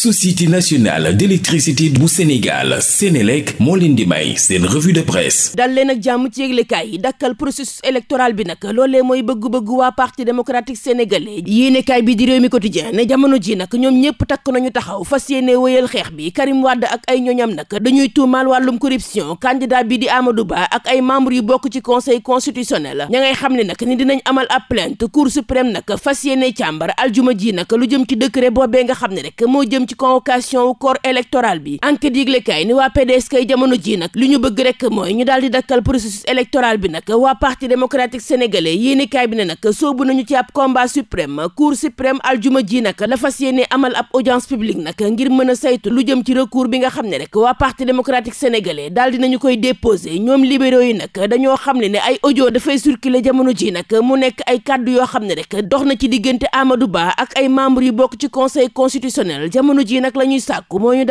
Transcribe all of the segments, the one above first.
société nationale d'électricité bu Sénégal Sénélec moo leen di may seen revue de presse dal leen ak jàmm ci yëglekaay yi dakkal processus électoral bi nag loolee mooy bëgg-bëgg waa parti démocratique sénégalais yéenekaay bi di réew mi quotidien ne jamono ji nag ñoom ñépp takk nañu taxaw fas yéene wéyal xeex bi Karim Wade ak ay ñoñam nag dañuy tuumaal wàllum corruption candidat bi di Amadou Ba ak ay membre yu bokk ci conseil constitutionnel ña ngay xam ne nag ni dinañ amal ab plainte cour suprême nag fas yéene ci convocation wu corps électoral bi enquête yëglekaay ni waa PDS kay jamono ji nag li ñu bëgg rek mooy ñu daal di dakkal processus électoral bi nag waa parti démocratique sénégalais yéenekaay bi ne nag soobu nañu ci ab combat suprême cour suprême aljuma ji nag la fas yéene amal ab audience publique nag ngir mën a saytu lu jëm ci recours bi nga xam ne rek waa parti démocratique sénégalais daal dinañu koy déposé ñoom libéraux yi nag dañoo xam ne ne ay audio dafay circuler jamono ji nag mu nekk ay kàddu yoo xam ne rek dox na ci diggante Amadou Ba ak ay membres yu bokk ci conseil jamono ji nag la ñuy sàkku moo ñu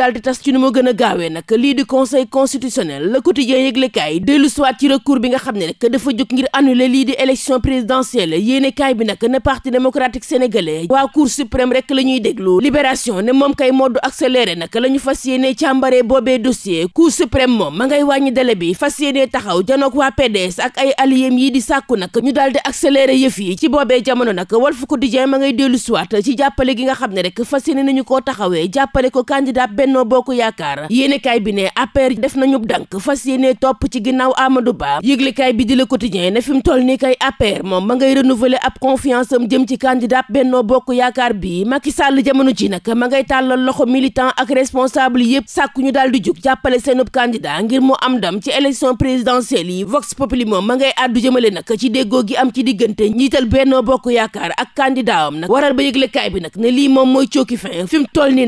a ne moom kay moddu accéléré nag la fas yéene càmbaree boobee dossier cour suprême moom ma ngay wàññi délai bi fas yéene taxaw janook waa PDS ak ay alliés yi di sàkku nag ñu daal di yëf yi ci boobee jamono nag Walf Quotidien ma ngay dellu ci jàppale gi nga xam ne rek fas yéene nañu koo taxawee Touré jàppale ko candidat Benno Bokk Yaakaar yéenekaay bi ne APR def nañu dànk fas yéene topp ci ginnaaw amado Ba yëglekaay bi di Le Quotidien ne fi mu toll nii kay APR moom ma ngay renouveler ab confiance am jëm ci candidat Benno Bokk Yaakaar bi Macky Sall jamono ji nag ma ngay tàllal loxo militan ak responsable yëpp sàkku ñu daal di jug jàppale seenub candidat ngir mu am ndam ci élection présidentielle yi Vox Populi moom ma ngay àddu jëmale nag ci déggoo gi am ci diggante njiital Benno Bokk Yaakaar ak candidat am nag waral bi nag ne lii moom mooy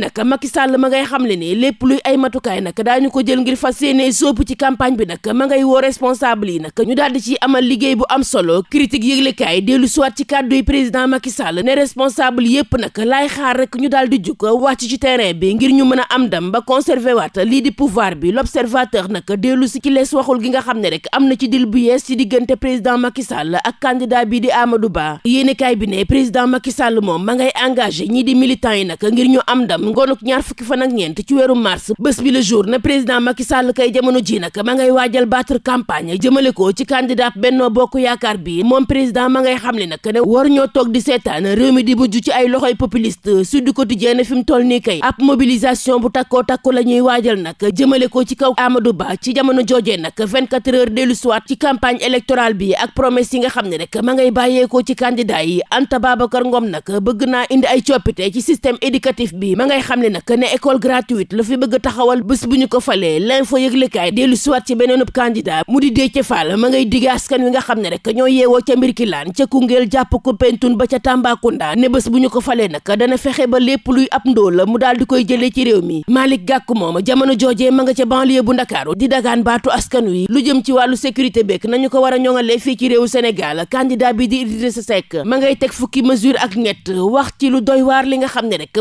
nag Macky Sall ma ngay xamle ne lépp luy ay matukaay nag daañu ko jël ngir fas yéene sóobu ci campagne bi nag ma ngay woo responsable yi nag ñu daal di ci amal liggéey bu am solo critique yëglekaay dellu siwaat ci kàddu yi président Macky Sall ne responsable yépp nag laay xaar rek ñu daal di jug wàcc ci terrain bi ngir ñu mën a am ndam ba conserver waat lii di pouvoir bi l'observateur nag dellu si ci lees waxul gi nga xam ne rek am na ci dil bu yees ci diggante président Macky Sall ak candidat bi di Amadou Ba kaay bi ne président Macky Sall moom ma ngay engagé ñii di militants yi nag ngir ñu am ndam ngoonuk ñaar fukki fan ak ñeent ci weeru mars bés bi le jour ne président Macky Sall kay jamono ji nag ma ngay waajal battre campagne jëmale ko ci candidat Benno Bokk Yaakaar bi moom président ma ngay xamle nag ne war ñoo toog di seetaan réew mi di mujj ci ay loxoy populiste Sud Quotidien mu toll nii kay ab mobilisation bu takkoo takko la ñuy waajal nag jëmale ko ci kaw Amadou Ba ci jamono joojee nag 24 heures dellu soir ci campagne électorale bi ak promesse yi nga xam ne rek ma ngay bàyyeekoo ci candidat yi Anta Babacar Ngom nag bëgg naa indi ay coppite ci système éducatif bi xam ne nag ne école gratuite la fi bëgg taxawal bés bu ñu ko falee l'info yëglekaay dellu siwaat ci beneenub candidat mu di Déthié Fall ma ngay digg askan wi nga xam ne rek ñoo yeewoo ca Mbirkilaan ca Koungheul jàpp ko Pentoun ba ca Tambacounda ne bés bu ñu ko falee nag dana fexe ba lépp luy ab ndóo la mu daal di koy jëlee ci réew mi Malick Gakou moom jamono joojee ma nga ca banlieue bu Ndakaaru di dagaan baatu askan wi lu jëm ci wàllu sécurité beek nañu ko war a ñoŋalee fii ci réewu Sénégal candidat bi di Idrissa Seck ma ngay teg fukki mesure ak ñett wax ci lu doy waar li nga xam ne rek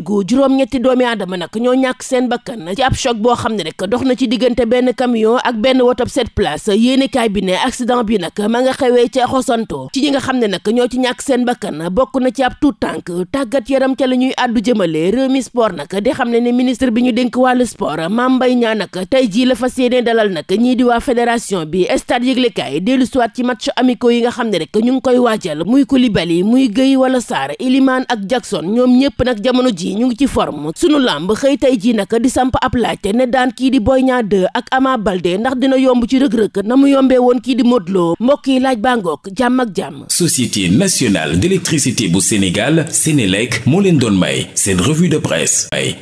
Kédougou juróom-ñetti doomi aadama nag ñoo ñàkk seen bakkan ci ab choc boo xam ne rek dox na ci diggante benn camion ak benn wotob sept place yéenekaay bi ne accident bi nag ñoo ci ñàkk seen bakkan bokk na ci ab tuut tànk tàggat yaram ca la mi sport nag di xam ne ne ministre bi ñu dénk wàllu sport Mame Mbaye Niang nag tey jii la fas yéene dalal nag ñii di waa fédération bi stade yëglekaay dellu siwaat ci match amicaux yi nga xam ne rek ñu ngi koy waajal muy Koulibaly muy Gueye wala Sarr Iliman ak Jackson ñoom ñëpp nag jamono ji ñu ngi ci forme sunu làmb xëy tey ji naka di samp ab laajte ne daan kii di booy Niang ak Ama balde ndax dina yomb ci rëg-rëg na mu yombee woon kii di Modou Lo mbokk yi laaj bàngook jàmm ak jàmm Société nationale d'électricité bu Sénégal Sénélec moo leen doon may seen revue de presse may